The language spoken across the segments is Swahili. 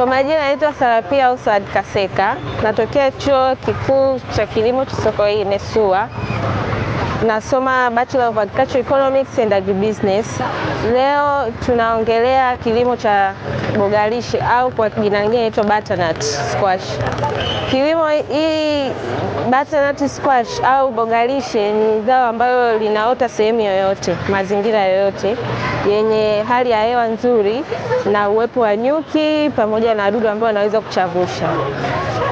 Kwa majina naitwa Sarapia Usad Kaseka, natokea chuo kikuu cha kilimo cha Sokoine SUA. Nasoma Bachelor of Agricultural Economics and Agribusiness. Leo tunaongelea kilimo cha bogalishi au kwa jina lingine inaitwa butternut squash. Kilimo hii butternut squash au bogalishe ni zao ambalo linaota sehemu yoyote, mazingira yoyote yenye hali ya hewa nzuri na uwepo wa nyuki pamoja na wadudu ambao wanaweza kuchavusha.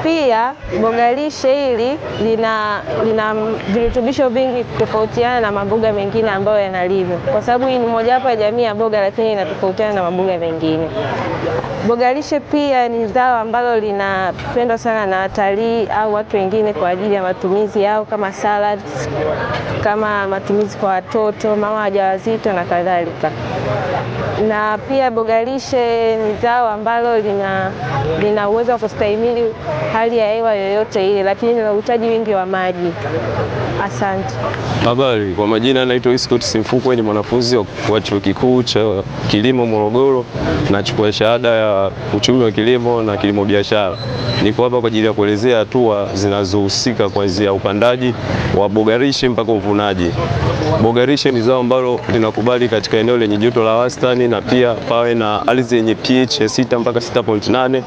Pia boga lishe hili lina, lina virutubisho vingi tofautiana na maboga mengine ambayo yanalimwa, kwa sababu hii ni mojawapo ya jamii ya boga, lakini inatofautiana na maboga mengine. Boga lishe pia ni zao ambalo linapendwa sana na watalii au watu wengine kwa ajili ya matumizi yao kama salad, kama matumizi kwa watoto, mama wajawazito na kadhalika na pia boga lishe ni zao ambalo lina, lina uwezo wa kustahimili hali ya hewa yoyote ile, lakini lina uhitaji wingi wa maji. Asante. Habari, kwa majina naitwa Iskot Simfukwe, ni mwanafunzi wa chuo kikuu cha kilimo Morogoro, nachukua shahada ya uchumi wa kilimo na kilimo biashara. Niko hapa kwa ajili ya kuelezea hatua zinazohusika kuanzia upandaji wa bogarishe mpaka uvunaji. Bogarishe ni zao ambalo linakubali katika eneo lenye joto la wastani na pia pawe na ardhi yenye pH ya 6 mpaka 6.8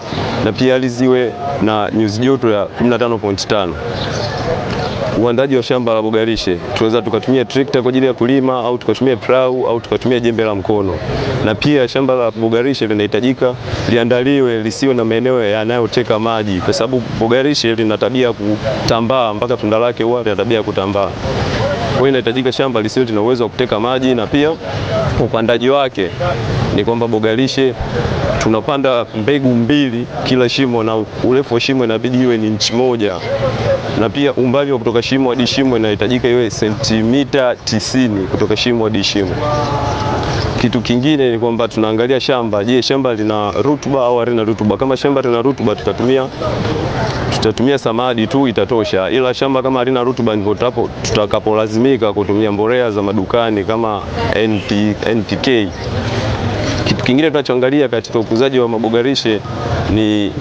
na pia ardhi iwe na nyuzi joto ya 15.5 uandaji wa shamba la mboga lishe, tunaweza tukatumia trekta kwa ajili ya kulima au tukatumia plau au tukatumia jembe la mkono. Na pia shamba la mboga lishe linahitajika liandaliwe lisiwe na maeneo yanayoteka maji, kwa sababu mboga lishe lina tabia kutambaa, mpaka tunda lake huwa lina tabia kutambaa hiyo inahitajika shamba lisilo lina uwezo wa kuteka maji, na pia upandaji wake ni kwamba bogalishe tunapanda mbegu mbili kila shimo, na urefu wa shimo inabidi iwe ni inchi moja, na pia umbali wa kutoka shimo hadi shimo inahitajika iwe sentimita tisini kutoka shimo hadi shimo. Kitu kingine ni kwamba tunaangalia shamba. Je, shamba lina rutuba au halina rutuba? Kama shamba lina rutuba tutatumia tutatumia samadi tu itatosha, ila shamba kama halina rutuba ndipo tutakapolazimika kutumia mbolea za madukani kama NP, NPK. Kitu kingine tunachoangalia katika ukuzaji wa maboga lishe ni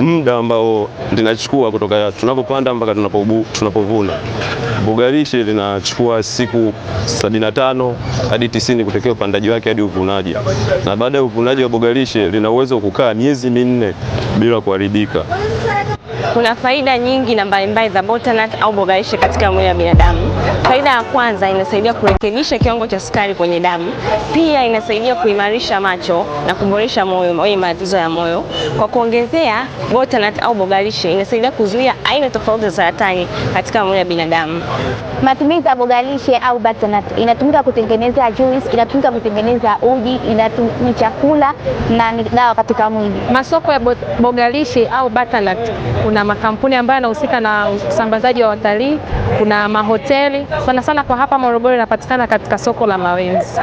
muda ambao linachukua kutoka tunapopanda mpaka tunapovuna. Bugarishi linachukua siku 75 hadi 90 kutokea upandaji wake hadi uvunaji, na baada ya uvunaji wa bogarishi lina uwezo wa kukaa miezi minne bila kuharibika. Kuna faida nyingi na mbalimbali za butternut au bogarishi katika mwili wa binadamu. Faida ya kwanza, inasaidia kurekebisha kiwango cha sukari kwenye damu, pia inasaidia kuimarisha macho na kuboresha moyo wenye matatizo ya moyo. Kwa kuongezea, butternut au bogalishe inasaidia kuzuia aina tofauti za saratani katika mwili wa binadamu. Matumizi ya bogalishe au butternut inatumika kutengeneza juice, inatumika kutengeneza uji, ni chakula na ni dawa katika mwili. Masoko ya bogalishe au butternut, kuna makampuni ambayo yanahusika na usambazaji wa watalii, kuna mahoteli mbalimbali sana sana kwa hapa Morogoro inapatikana katika soko la Mawenzi.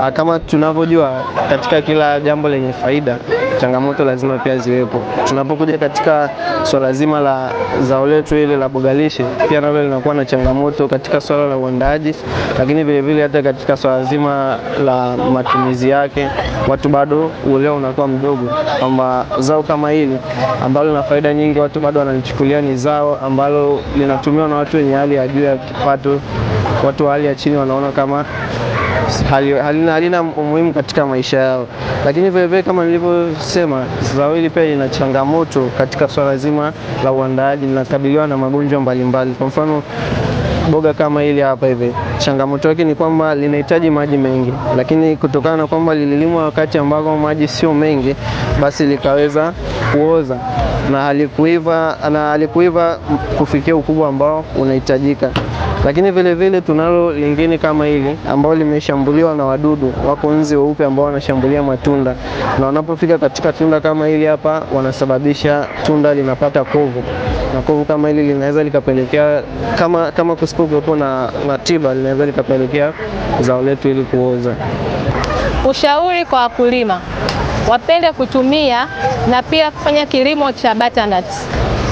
Ah, kama tunavyojua katika kila jambo lenye faida changamoto lazima pia ziwepo. Tunapokuja katika swala zima la zao letu ile la bogalishe, pia nalo linakuwa na changamoto katika swala la uandaji lakini vilevile hata katika swala zima la matumizi yake, watu bado uelewa unakuwa mdogo, kwamba zao kama hili ambalo lina faida nyingi, watu bado wanalichukulia ni zao ambalo linatumiwa na watu wenye hali ya juu ya kipato watu watu wa hali ya chini wanaona kama halina, hali umuhimu katika maisha yao. Lakini vilevile kama nilivyosema, zao hili pia lina changamoto katika swala zima la uandaaji, linakabiliwa na magonjwa mbalimbali. Kwa mfano boga kama hili hapa hivi, changamoto yake ni kwamba linahitaji maji mengi, lakini kutokana na kwamba lililimwa wakati ambao maji sio mengi, basi likaweza kuoza na halikuiva na halikuiva kufikia ukubwa ambao unahitajika. Lakini vile vile tunalo lingine kama hili ambalo limeshambuliwa na wadudu, wako nzi weupe ambao wanashambulia matunda na wanapofika katika tunda kama hili hapa, wanasababisha tunda linapata kovu, na kovu kama hili linaweza likapelekea kama, kama kusipokuwepo na, na tiba linaweza likapelekea zao letu ili kuoza. Ushauri kwa wakulima wapende kutumia na pia kufanya kilimo cha butternut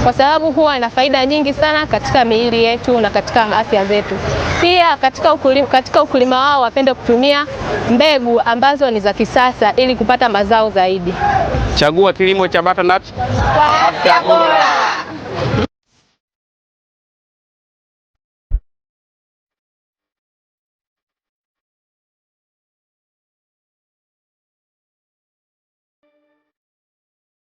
kwa sababu huwa ina faida nyingi sana katika miili yetu na katika afya zetu. Pia katika ukulima, katika ukulima wao wapende kutumia mbegu ambazo ni za kisasa ili kupata mazao zaidi. Chagua kilimo cha butternut kwa afya bora.